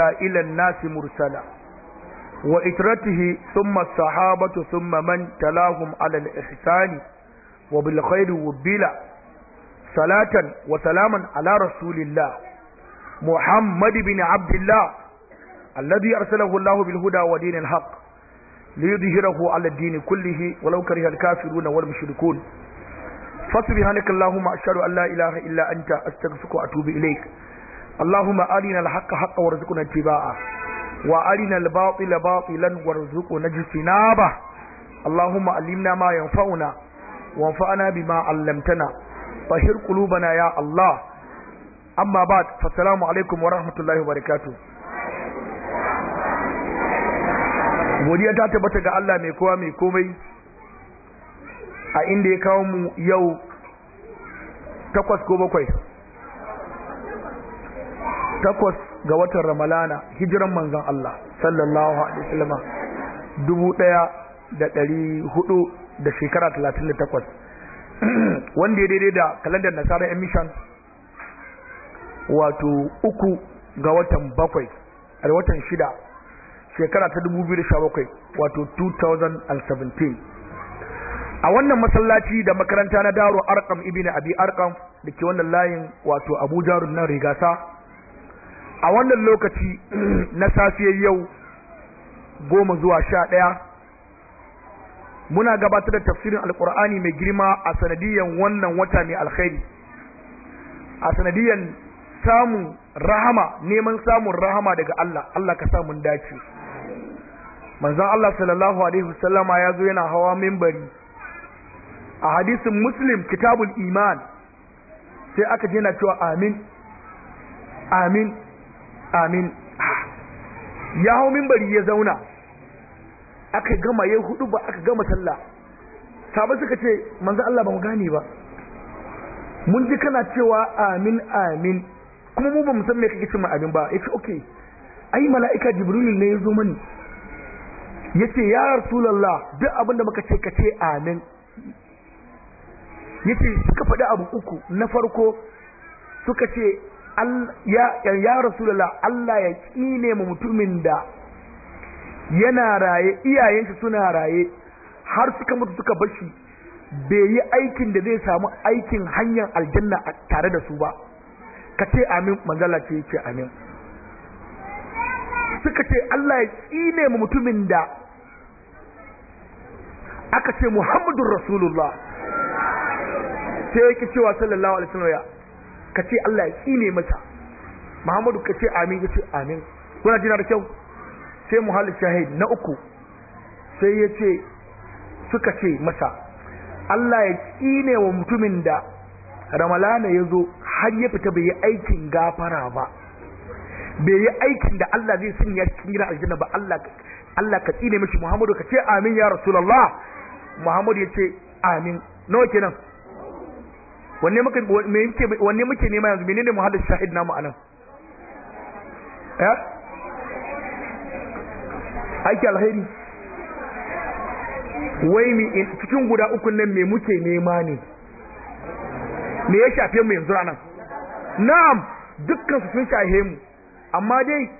إلى الناس مرسلا وإترته ثم الصحابة ثم من تلاهم على الإحسان وبالخير وبلا صلاة وسلاما على رسول الله محمد بن عبد الله الذي أرسله الله بالهدى ودين الحق ليظهره على الدين كله ولو كره الكافرون والمشركون فسبحانك اللهم أشهد أن لا إله إلا أنت أستغفرك وأتوب إليك اللهم أرنا الحق حقا وارزقنا اتباعه وأرنا الباطل باطلا وارزقنا اجتنابه اللهم علمنا ما ينفعنا وانفعنا بما علمتنا طهر قلوبنا يا الله أما بعد فالسلام عليكم ورحمة الله وبركاته godiya ta tabbata ga Allah mai kowa mai komai a inda ya kawo mu yau takwas ko bakwai takwas ga watan ramalana hijiran manzon Allah sallallahu alaihi wasallam dubu ɗaya da ɗari hudu da shekara talatin da takwas wanda ya daidai da kalandar nasara emission wato uku ga watan bakwai a watan shida shekara ta dubu biyu da sha bakwai wato 2017 a wannan masallaci da makaranta na daro arkam ibn abi arkam da ke wannan layin wato abuja nan rigasa a wannan lokaci na safiyar yau goma zuwa sha ɗaya muna gabatar da tafsirin alkur'ani mai girma a sanadiyan wannan wata mai alkhairi a sanadiyan samun rahama neman samun rahama daga Allah Allah ka samun dace manzon Allah sallallahu alaihi wasallama ya zo yana hawa mimbari a hadisin muslim kitabul iman sai aka je na cewa amin amin amin ya hau mimbari ya zauna aka gama ya hudu ba aka gama sallah sabu suka ce manzan Allah ba mu gane ba mun ji kana cewa amin amin kuma mu ba mu san me kake cewa amin ba yace okay ai mala'ika jibril ne ya zo mani yace ya rasulullah duk abin da muka ce ka ce amin yace suka faɗi abu uku na farko suka ce ya rasulullah Allah ya kine mu mutumin da yana raye iyayensa suna raye har suka mutu suka bashi bai yi aikin da zai samu aikin hanyar aljanna tare da su ba ka ce amin manzala ce ce amin suka ce Allah ya tsine mu mutumin da aka ce Muhammadu Rasulullah sai ya ki cewa sallallahu alaihi wasallam ka ce Allah ya tsine mata Muhammadu ka ce amin ya ce amin kuna jina da kyau sai muhalli shahid na uku sai ya ce suka ce masa Allah ya tsine wa mutumin da ramalana ya zo har ya fita bai yi aikin gafara ba bai yi aikin da Allah zai sanya cikin gidan aljanna ba Allah Allah ka tsine mishi Muhammadu ka ce amin ya Rasulullah Muhammadu ya ce amin nawa kenan wanne muka me muke wanne muke nema yanzu menene hadda shahid namu anan eh aiki alheri wai mi cikin guda uku nan me muke nema ne me ya shafe mu yanzu ranan na'am dukkan su sun shahe mu amma dai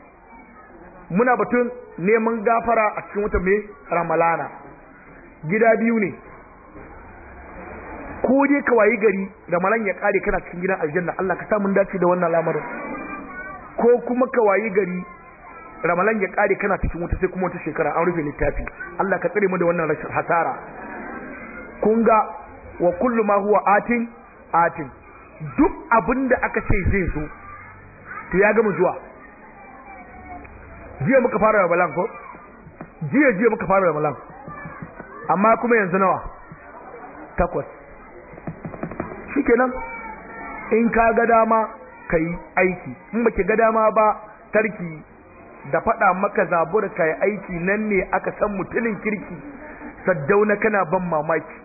muna batun neman gafara a cikin wata mai ramalana gida biyu ne ko dai ka wayi gari da malan ya kare kana cikin gidan aljanna Allah ka sa mun dace da wannan lamarin ko kuma ka wayi gari ramalan ya kare kana cikin wuta sai kuma wata shekara an rufe littafi Allah ka tsare mu da wannan rashin hasara kun ga wa kullu ma huwa atin atin duk abinda aka ce zai zo to ya gama zuwa jiya muka fara ramalan ko jiya jiya muka fara ramalan amma kuma yanzu nawa takwas shikenan in ka ga dama kai aiki in baki ga dama ba tarki da faɗa maka zabura kai aiki nan ne aka san mutumin kirki saddauna kana ban mamaki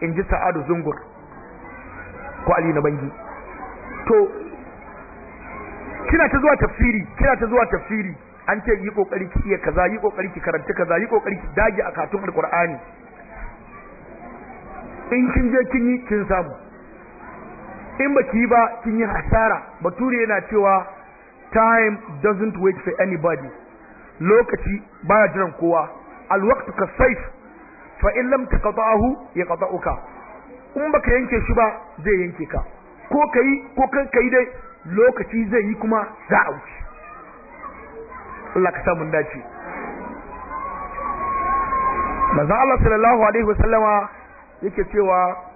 in ji sa'adu zungur ko ali na bangi to kina ta zuwa tafsiri kina ta zuwa tafsiri an ce yi kokari ki iya kaza yi kokari ki karanta kaza yi kokari ki dage a alqur'ani in kin je kin yi kin samu in baki ba kin yi hasara bature yana cewa time doesn't wait for anybody lokaci baya jiran kowa alwaqtu kasayf fa in lam taqta'ahu yaqta'uka in baka yanke shi ba zai yanke ka ko kai ko kan kai dai lokaci zai yi kuma za a wuce Allah ka samu dace manzo Allah sallallahu alaihi wasallama yake cewa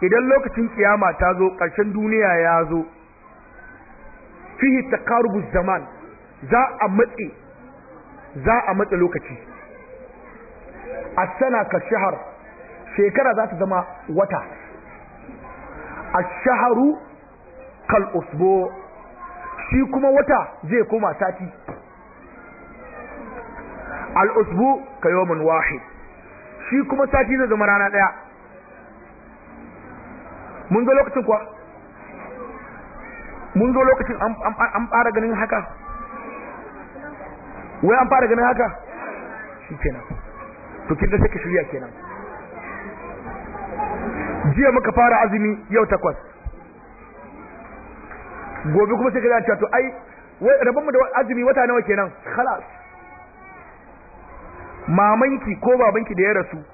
idan lokacin kiyama ta zo ƙarshen duniya ya zo fihi taqarubu zaman za a matse za a matse lokaci a sana ka shahar shekara za ta zama wata a shaharu kal usbu shi kuma wata zai koma sati al-usbu ka yawmin wahid shi kuma sati zai zama rana daya mun ga lokacin kuwa mun ga lokacin an fara ganin haka wai an fara ganin haka shi kenan to kin da take shirya kenan jiya muka fara azumi yau takwas gobe kuma sai ka cewa to ai wai rabon mu da azumi wata nawa kenan khalas mamanki ko babanki da ya rasu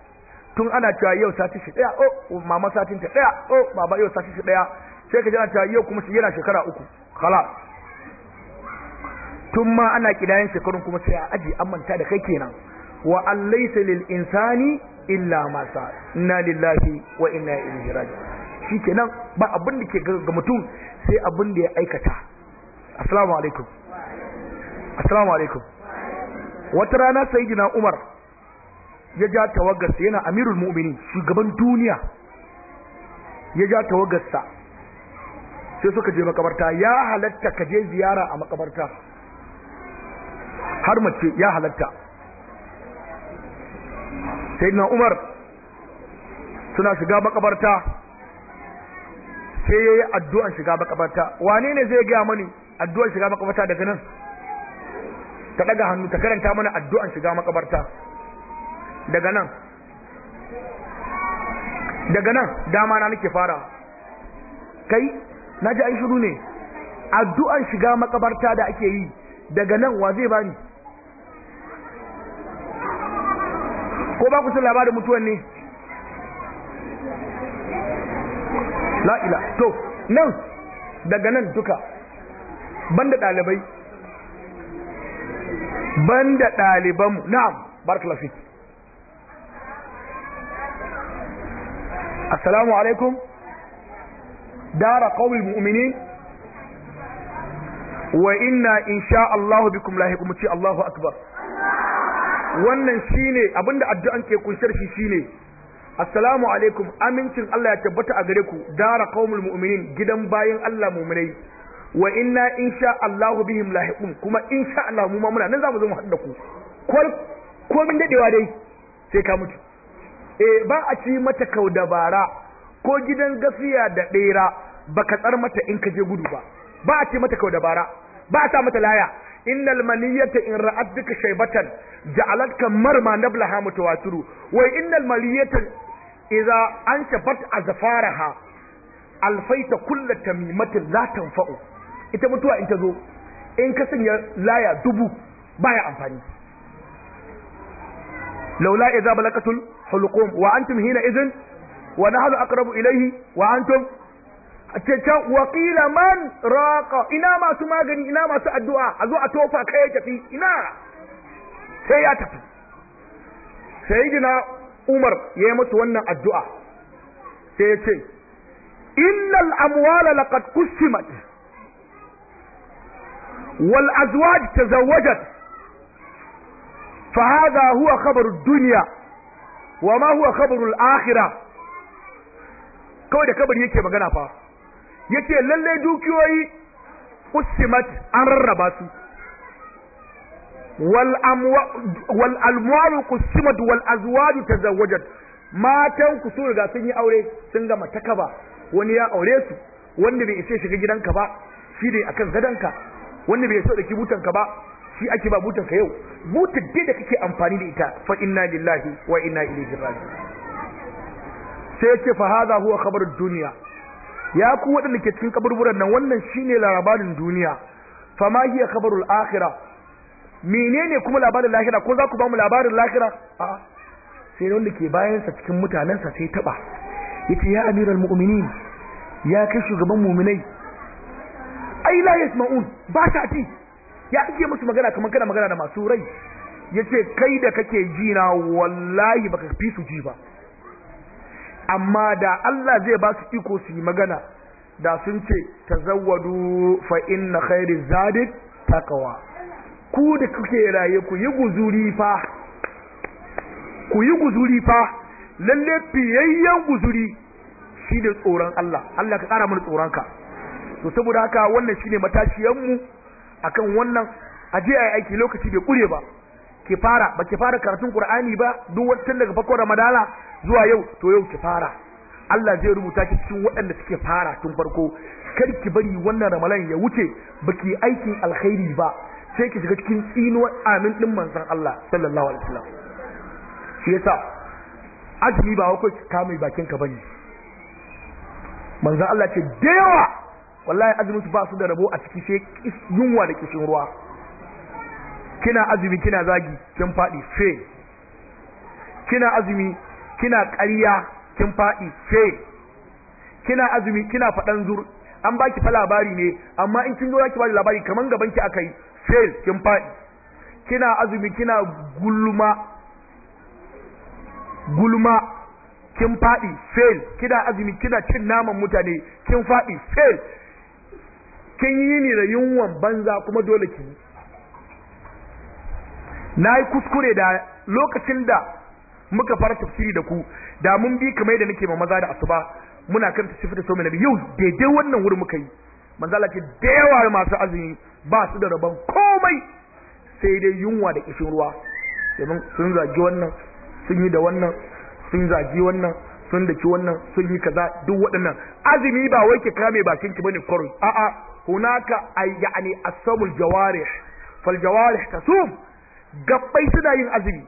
tun ana cewa yau sati shi daya oh mama satin ta daya oh baba yau sati shi daya sai ka jira cewa yau kuma shi yana shekara uku kala. tun ma ana kidayen shekarun kuma sai a aji an manta da kai kenan wa an lil insani illa ma sa inna lillahi wa inna ilaihi shi kenan ba abin da ke ga mutum sai abin da ya aikata assalamu alaikum assalamu alaikum wata rana sayyidina umar ya ja tawagarsa yana amirul mu'mini shugaban duniya ya ja tawagarsa sai suka je makabarta ya halatta ka je ziyara a makabarta har mace ya halatta sai na umar suna shiga makabarta sai ya yi addu'an shiga makabarta wane ne zai gaya mani addu'an shiga makabarta daga nan ta ɗaga hannu ta karanta mana addu'an shiga makabarta daga nan daga nan dama na nake fara kai na ji an shiru ne addu'an shiga makabarta da ake yi daga nan wa zai bani ko ba ku san labarin mutuwan ne la'ila to nan daga nan duka banda ɗalibai banda ɗalibanmu na'am barkalafi assalamu alaikum dara qawmil mu'minin wa inna insha Allah bikum lahiqum ci Allahu akbar wannan shi shine abinda addu'an ke kunshar shi ne. assalamu alaikum amincin Allah ya tabbata a gare ku dara qaumul mu'minin gidan bayan Allah mu'minai wa inna insha Allah bihim lahiqun kuma insha Allah mu ma muna nan za mu zama da ku ko min daɗewa dai sai ka mutu eh ba a ci mata kau dabara ko gidan gafiya da ɗera baka tsar mata in ka je gudu ba ba a ci mata kau dabara ba a sa mata laya innal maliyata in ra'at duka shaybatan ja'alatka marma nablaha mutawatiru wa innal maliyata idza anshabat azfaraha alfaita kullat tamimatin la tanfa'u ita mutuwa in ta zo in ka sanya laya dubu baya amfani laula idza balakatul حلقوم وأنتم حينئذ ونحن أقرب إليه وأنتم وقيل من راق ina masu magani ina masu addu'a a zo a tofa kai ya tafi ina sai ya tafi sayyidina Umar ya yi musu wannan addu'a sai ya ce innal amwala laqad qusimat wal azwaj tazawwajat fa hadha huwa khabaru dunya wa ma huwa khabarul akhirah kawai da kabari yake magana fa yace lalle dukiyoyi usimat an rarraba su wal amwa wal almwalu qusimat wal azwaj tazawwajat matan ku sun riga sun yi aure sun gama takaba wani ya aure su wanda bai isa shiga gidanka ba shi ne akan gadanka wanda bai so da kibutanka ba shi ake ba butar ka yau butar dai da kake amfani da ita fa inna lillahi wa inna ilaihi raji'un sai yake fa hadha huwa khabarud dunya ya ku wadanda ke cikin kaburburan nan wannan shine labarin duniya fa ma hiya khabarul akhirah menene kuma labarin lahira ko za ku ba mu labarin lahira a sai wanda ke bayan sa cikin mutanen sa sai taba yace ya amiral mu'minin ya kai shugaban mu'minai ai la yasma'un ba ta ji ya ake musu magana kamar kana magana da masu rai Ya ce kai da kake ji na wallahi baka fi su ji ba amma da Allah zai ba su iko su yi magana da sun ce ta zawadu fa inna khairu zadid takawa ku da kuke raye ku yi guzuri fa ku yi guzuri fa lalle fiyayyen guzuri shi ne tsoron Allah Allah ka ƙara mana tsoronka, to saboda haka wannan shine ne mu akan wannan aje ayi aiki lokaci bai kure ba ki fara ba ki fara karatun Qur'ani ba duk watan daga farkon Ramadana zuwa yau to yau ki fara Allah zai rubuta ki cikin waɗanda suke fara tun farko kar ki bari wannan Ramadan ya wuce baki aikin alkhairi ba sai ki shiga cikin tsinuwar amin din manzon Allah sallallahu alaihi wasallam shi yasa azumi ba wai ka mai bakin ka bane manzon Allah ce da yawa wallahi azumin ba su da rabo a ciki she yunwa da kishin ruwa kina azumi kina zagi kin faɗi fe kina azumi kina ƙarya kin faɗi fe kina azumi kina fadan zur an baki fa labari ne amma in kin zo ki bada labari kaman gaban ki akai fe kin faɗi kina azumi kina gulma gulma kin faɗi fail kina azumi kina cin naman mutane kin faɗi fail kin yi ni da yunwan banza kuma dole ki yi na yi kuskure da lokacin da muka fara tafsiri da ku da mun bi kamar da nake ma maza da asuba muna kan ta da sau mai yau daidai wannan wurin muka yi manzo Allah ce da yawa masu azumi ba su da rabon komai sai dai yunwa da kishin ruwa domin sun zagi wannan sun yi da wannan sun zagi wannan sun daki wannan sun yi kaza duk waɗannan azumi ba wai ki kame bakin ki bane kwarai. a'a hunaka ay yani asabul jawarih fal jawarih tasum gabbai suna yin azumi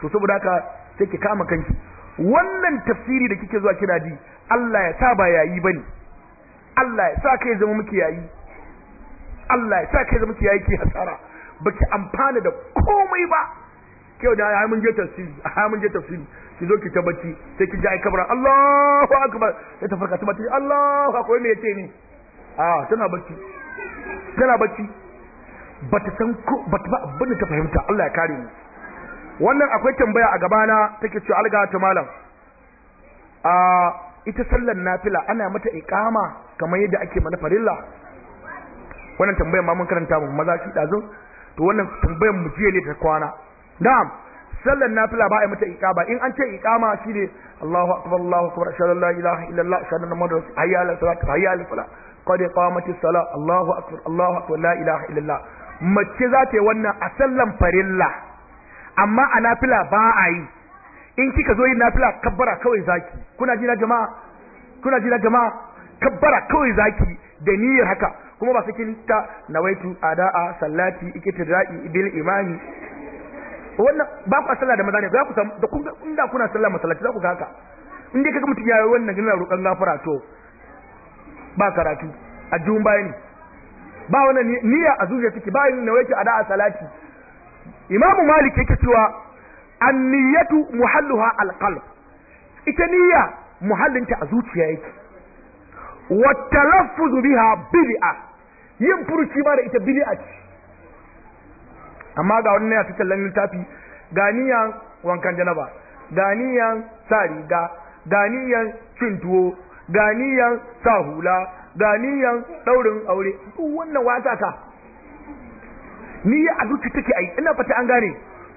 to saboda haka sai ki kama kanki wannan tafsiri da kike zuwa kina ji Allah ya sa ba yayi bane Allah ya sa kai zama miki yayi Allah ya sa kai zama miki yayi ki hasara baki amfana da komai ba ke da ya mun je tafsiri ha mun je tafsiri ki zo ki tabbaci, sai ki ji ai kabara Allahu akbar sai ta farka ta ce, Allahu akbar me yace ni a tana bacci tana bacci bata san ko bata ta abin da ta fahimta Allah ya kare mu wannan akwai tambaya a gabana take cewa alga ta malam a ita sallar nafila ana mata iqama kamar yadda ake mana farilla wannan tambayar ma mun karanta mu maza shi dazo to wannan tambayar mu jiya ne ta kwana na'am sallar nafila ba a mata iqama in an ce iqama shine Allahu akbar Allahu akbar shallallahu la ilaha illallah shallallahu muhammadu hayya ala salat hayya ala salat qad qamati sala Allahu akbar Allahu akbar la ilaha illallah mace za ta yi wannan a sallan farilla amma a nafila ba a yi in kika zo yin nafila kabbara kawai zaki kuna ji na jama'a kuna ji na jama'a kabbara kawai zaki da niyyar haka kuma ba sakin ta nawaitu ada'a sallati ikitira'i bil imani wannan ba ku a sallar da maza ne za ku da kun da kuna sallar masallaci za ku ga haka in dai kaga mutum ya yi wannan yana roƙon gafara to ba karatu a juhun ne. ba wani niyya a zuciya take ba yin nawaiti a da'a salati imamu malik yake cewa an niyyatu muhalluha alqalb ita niyya muhallinta a zuciya yake wa talaffuz biha bid'a yin furuci ba da ita bid'a ce amma ga wannan ya fitar lanin tafi ganiyan wankan janaba ganiyan sa riga ganiyan cin tuwo ga niyan sa hula ga niyan daurin aure duk wannan wasa ka niyya a duk take ai ina fata an gane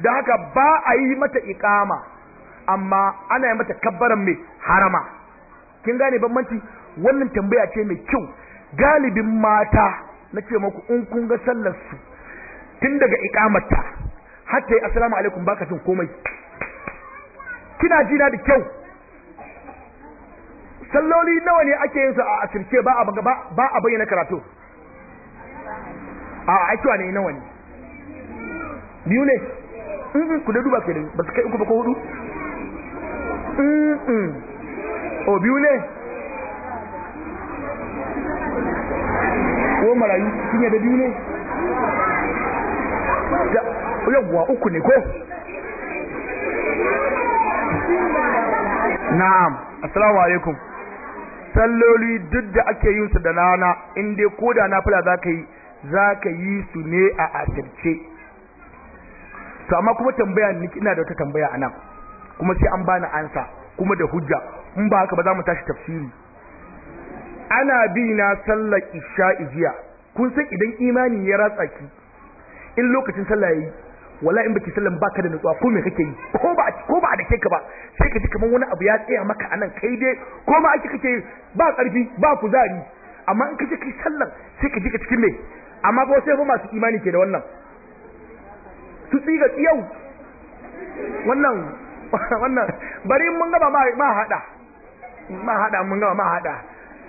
da haka ba a yi mata iqama amma ana yi mata kabbaran mai harama kin gane bambanci wannan tambaya ce mai kyau galibin mata na ce muku in kun ga sallar su tun daga iqamarta har ta yi assalamu alaikum baka jin komai kina jina da kyau salloli nawa ne ake yin su a asirce ba a ba a bayyana karatu a aikiwa ne nawa ne biyu ne ku da duba kenan ba su kai uku ba ko hudu o biyu ne ko marayu sun yada biyu ne yawwa uku ne ko na'am assalamu alaikum salloli duk da ake yin su da rana in dai ko da na zaka yi za yi su ne a asirce to amma kuma tambaya ni ina da wata tambaya anan kuma sai an bani ansa kuma da hujja in ba haka ba za mu tashi tafsiri ana bi na sallar isha'i jiya kun san idan imani ya ratsa ki in lokacin sallah yayi wallahi in baki sallan baka da nutsuwa ko me kake yi ko ba ko ba da ke ka ba sai ka ji kaman wani abu ya tsaya maka anan kai dai ko ma ake kake ba karfi ba kuzari amma in kaje kai sallan sai ka ji ka cikin me amma ba sai ba masu imani ke da wannan su tsiga yau wannan wannan bari mun gaba ma ma hada ma hada mun gaba ma hada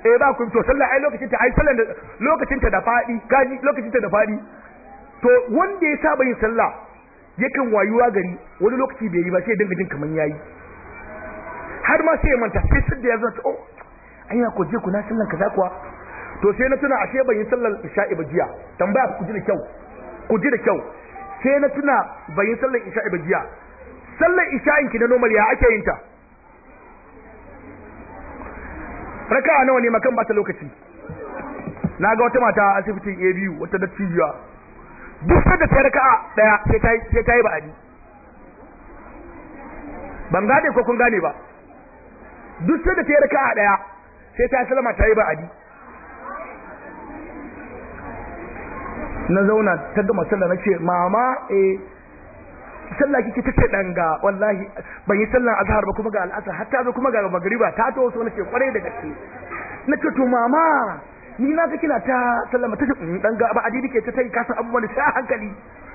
eh ba ku to sallah ai lokacin ta ai sallan lokacin ta da fadi gaji lokacin ta da fadi to wanda ya saba yin sallah yakan wayuwa gari wani lokaci bai yi ba sai dinga jin kaman yayi har ma sai ya manta sai da ya zo oh anya ya koje ku na sallan kaza kuwa to sai na tuna ashe ban yi sallar isha'i ba jiya tambaya ku ji da kyau ku ji da kyau sai na tuna ban yi sallar isha'i ba jiya sallar isha'in ki na normal ya ake yin ta raka'a nawa ne makan ba ta lokaci na ga wata mata asibitin ABU wata dattijuwa duk sanda ta raka'a daya sai ta sai ta yi ani ban gane ko kun gane ba duk sanda ta raka'a daya sai ta salama ta yi ani na zauna ta gama sallah na ce mama eh sallah kike tace dan ga wallahi ban yi sallah azhar ba kuma ga al'asar hatta ta zo kuma ga magriba ta to so nace kware da gaske nace to mama ni na ga kina ta sallama tashi. Mm, dan ga ba adidi ke ta tai kasan abubuwan sai a hankali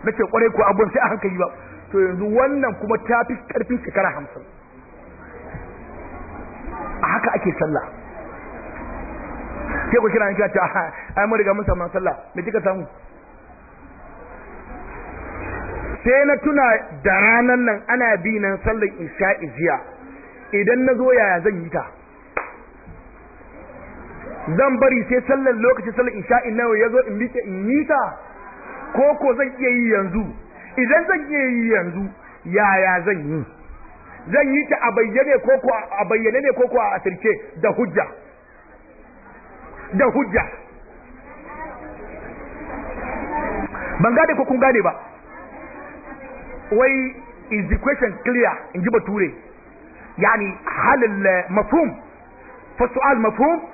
nake kware ko abun sai a hankali ba to yanzu wannan kuma ta fi karfin shekara hamsin a haka ake sallah ke ku kira ni kira ta ai mun riga mun samu sallah me kika samu sai na tuna da ranan nan ana bi nan sallar isha'i jiya idan na zo yaya zan yi ta zan bari sai sallar lokaci sallar isha'in nawa ya zo in miƙe in yi ta ko ko zan iya yi yanzu idan zan iya yi yanzu yaya zan yi zan yi ta a bayyane ko ko a bayyane ne ko ko a asirce da hujja da hujja ban gane ko kun gane ba wai is the question clear in ji bature yani halin mafhum fa su'al mafhum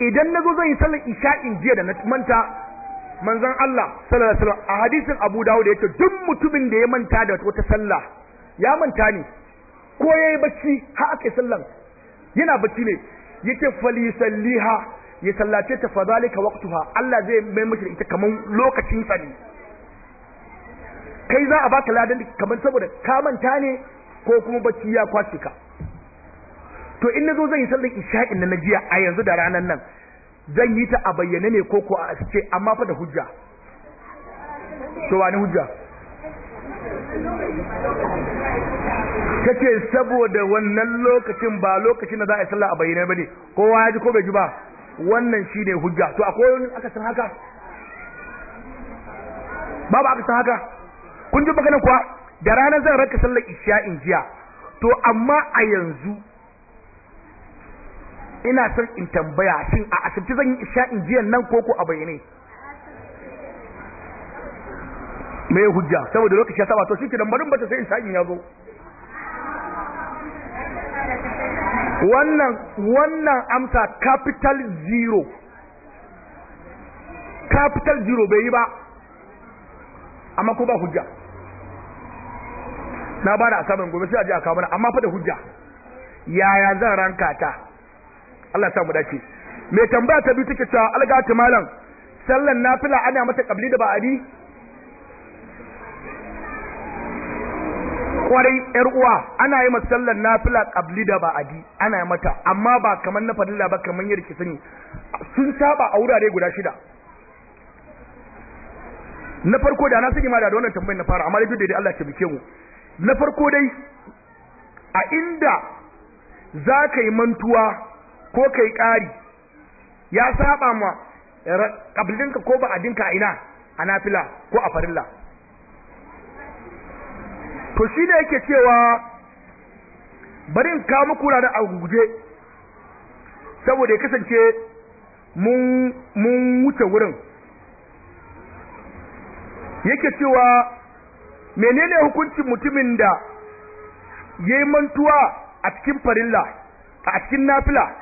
idan nazo zan yi sallar isha'in jiya da na manta manzon Allah sallallahu alaihi wasallam a hadisin Abu Dawud yace duk mutumin da ya manta da wata sallah ya manta ne ko yayi bacci har aka sallan yana bacci ne yace fali salliha ya sallace ta fadalika waqtuha Allah zai mai miki ita kaman lokacin sa kai za a baka ladan kaman saboda ka manta ne ko kuma bacci ya kwace ka to in nazo zan yi sallar isha'in na jiya a yanzu da ranar nan zan yi ta a bayyane ne ko ko a ce amma fa da hujja to wani hujja kace saboda wannan lokacin ba lokacin da za a yi sallah a bayyane bane kowa ya ji ko bai ji ba wannan shine hujja to akwai wani aka san haka babu aka san haka kun ji magana kuwa da ranar zan raka sallar isha'in jiya to amma a yanzu ina son in tambaya shin a asibiti zan yi in jiyan nan ko ko a bayyane me hujja saboda lokaci ya saba to shi da barin bata sai isha'in ya zo wannan wannan amsa capital zero capital zero bai yi ba amma ko ba hujja na ba da gobe sai a je a kawo mana amma fa da hujja yaya zan ranka ta Allah ya mu dace mai tambaya ta biyu take cewa algati malam sallan nafila ana mata kabli da ba'adi kwarai yar uwa ana yi mata sallan nafila kabli da ba'adi ana yi mata amma ba kamar na fadila ba kamar yadda ke sani sun saba a wurare guda shida na farko da na sani ma da wannan tambayar na fara amma dai da Allah ya bike mu na farko dai a inda za ka yi mantuwa ko kai ƙari ya saba ma ƙablinka ko ba adinka a ina a nafila ko a farilla to shi da yake cewa barin ka kawo muku da a guje saboda ya kasance mun wuce wurin yake cewa menene hukuncin mutumin da ya yi mantuwa a cikin farilla a cikin nafila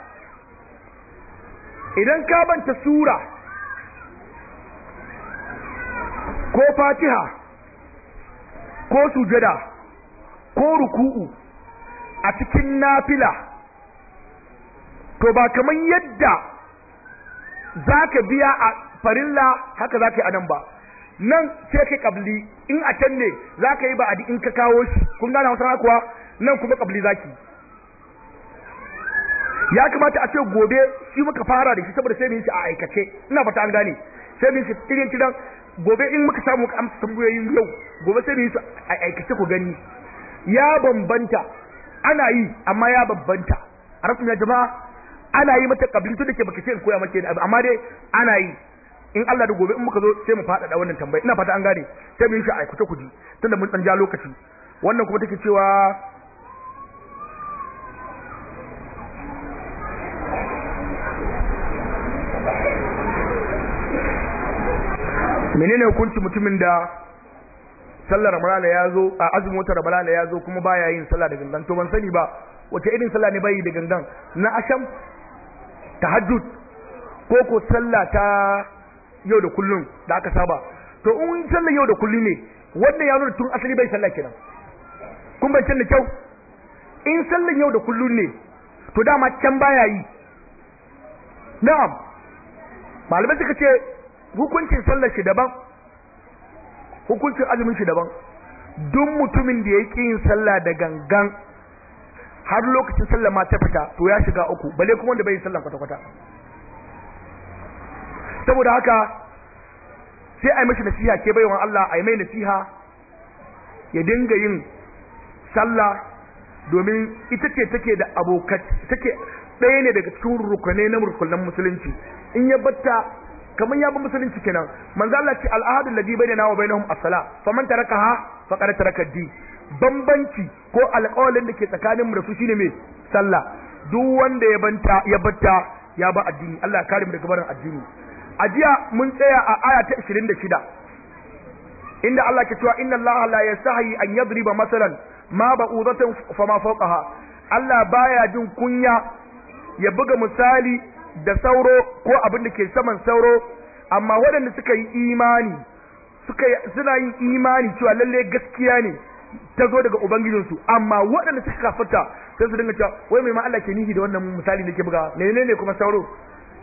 idan ka banta sura ko fatiha ko sujada ko ruku'u a cikin nafila to ba kaman yadda za ka biya a farilla haka za ka yi anan ba nan sai kai kabli in a can ne za ka yi ba a in ka kawo shi kun gane wasu kuwa nan kuma kabli za ki ya kamata a ce gobe shi muka fara da shi saboda sai mu yi shi a aikace ina fata an gane sai mu yi shi irin kidan gobe in muka samu muka amsa tambayoyin yau gobe sai mu yi su a aikace ku gani ya bambanta ana yi amma ya bambanta a rasu ya jama'a ana yi mata kabilin tun da ke baka ce in koya mace amma dai ana yi in Allah da gobe in muka zo sai mu faɗaɗa wannan tambayi ina fata an gane sai mu yi shi a aikace ku ji tunda mun ɗan ja lokaci wannan kuma take cewa menene hukunci mutumin da sallar ramadana ya zo a azumin wata ramadana ya zo kuma baya yin sallah da gangan to ban sani ba wace irin sallah ne bai da gangan na asham tahajjud ko ko sallah ta yau da kullun da aka saba to in sallar yau da kullun ne wanda ya zo tun asali bai sallah kenan kun bai da kyau in sallar yau da kullun ne to dama can baya yi na'am malamai suka ce hukuncin sallar shi daban hukuncin azumin shi daban duk mutumin da ya ƙi yin sallah da gangan har lokacin sallah ma ta fita to ya shiga uku bale kuma wanda bai yin sallah kwata-kwata saboda haka sai a yi mashi nasiha ke baiwan Allah a yi mai nasiha ya dinga yin sallah domin ita ce take da abokai take ɗaya ne daga cikin rukunai na rukunan musulunci in ya batta kamar ya bi musulunci kenan manzo Allah ce al'ahadu alladhi bainana wa bainahum as-sala faman tarakaha faqad taraka di bambanci ko alƙawalin da ke tsakanin mu da su shine me sallah duk wanda ya banta ya batta ya ba addini Allah ya kare mu daga barin addini jiya mun tsaya a aya ta 26 inda Allah ke cewa inna Allah la yastahi an yadriba masalan ma ba'udatan fama fawqaha Allah baya jin kunya ya buga misali da sauro ko abin da ke saman sauro amma waɗanda suka yi imani suka suna yin imani cewa lalle gaskiya ne ta zo daga ubangijinsu amma waɗanda suka kafarta sai su dinga cewa wai mai ma Allah ke nihi da wannan misali da ke bugawa menene kuma sauro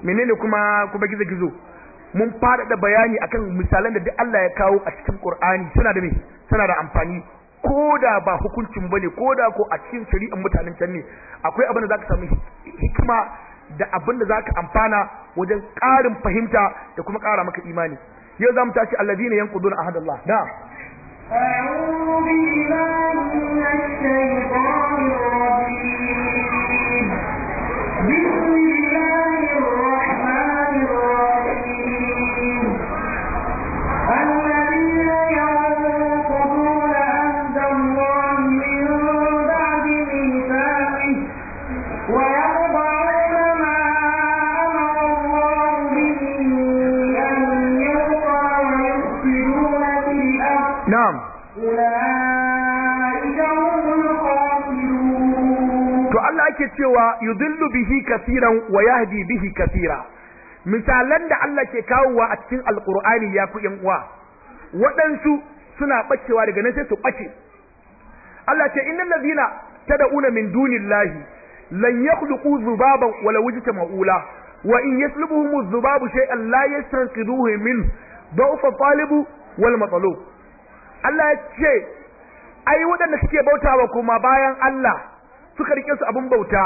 menene kuma kuma gizo gizo mun faɗaɗa bayani akan misalan da duk Allah ya kawo a cikin Qur'ani suna da me suna da amfani koda ba hukuncin ba ne ko a cikin shari'ar mutanen can ne akwai abin da zaka samu hikima da abin da zaka amfana wajen ƙarin fahimta da kuma ƙara maka imani yau mu tashi alladhina yanquduna ahadallah na'am أعوذ بالله من الشيطان cewa yudillu bihi kasiran wa yahdi bihi kasira misalan da Allah ke kawowa a cikin alqur'ani ya ku yan uwa waɗansu suna bacewa daga nan sai su bace Allah ce innal ladhina tad'una min dunillahi lan yakhluqu dhubaban wala wujita ma'ula wa in yaslubuhum adh-dhubabu shay'an la yastanqidhuhu min dawfa talibu wal matlub Allah ya ce ai waɗanda suke bautawa kuma bayan Allah suka rike su abin bauta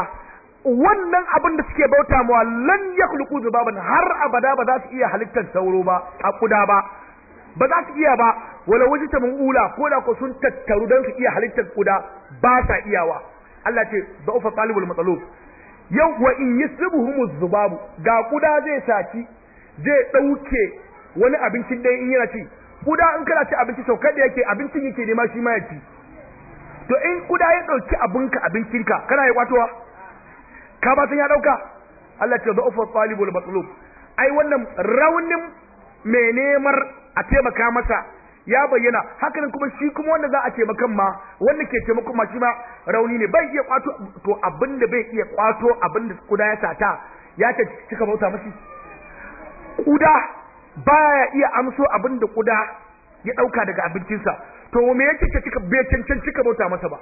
wannan abin da suke bauta mawa lan yakhluqu zubaban har abada ba za su iya halittar sauro ba a kuda ba ba za su iya ba wala wajita mun ula ko da ko sun tattaru dan su iya halittar kuda ba sa iyawa Allah ce ba ufa talibul matalub yau wa in yasbuhum zubabu ga kuda zai saci zai dauke wani abincin da in yana ci kuda in kana ci abinci sau kada yake abincin yake nema shi ma ya to in kuda ya dauki abinka abincinka kana ya kwatowa ka ba san ya dauka Allah ce da ufa talibul matlub ai wannan raunin mai nemar a taimaka masa ya bayyana hakan kuma shi kuma wanda za a taimaka ma wanda ke taimakon ma shi ma rauni ne bai iya kwato to abinda bai iya kwato abinda kuda ya sata ya ce cika bauta mashi kuda baya iya amso abinda kuda ya dauka daga abincinsa to me yake cika bai cancan cika bauta masa ba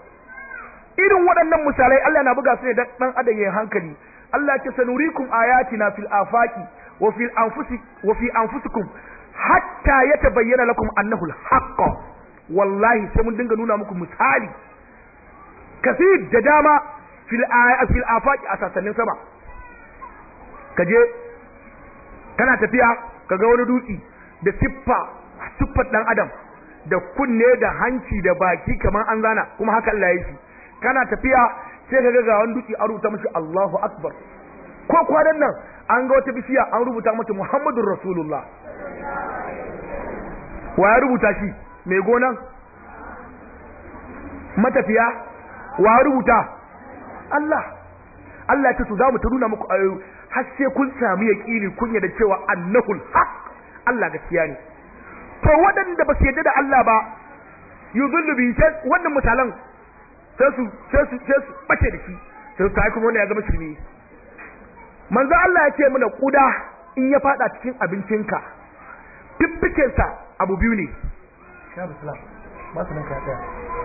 irin waɗannan misalai Allah na buga su ne dan adam yayin hankali Allah ya ce sanurikum ayatina fil afaqi wa fil anfusi wa fi anfusikum hatta yatabayyana lakum annahu al-haqq wallahi sai mun dinga nuna muku misali kasir da dama fil fil afaqi a sasannin sama kaje kana tafiya kaga wani dutsi da siffa siffar dan adam da kunne da hanci da baki kamar an zana kuma haka Allah yake kana tafiya sai ka ga wani duki an rubuta mishi Allahu Akbar ko kwanan nan an ga wata bishiya an rubuta mata Muhammadur Rasulullah wa ya rubuta shi mai gonan matafiya wa ya rubuta Allah Allah ya ce za mu ta nuna muku har sai kun sami yaqini kunya da cewa annahul haq Allah gaskiya ne to waɗanda ba su yarda da Allah ba yuzullu bi sai wannan mutalan sai su sai su sai su bace da shi sai su kai kuma wanda ya zama shirme manzo Allah ya ce mana kuda in ya fada cikin abincinka sa abu biyu ne ba su nan ka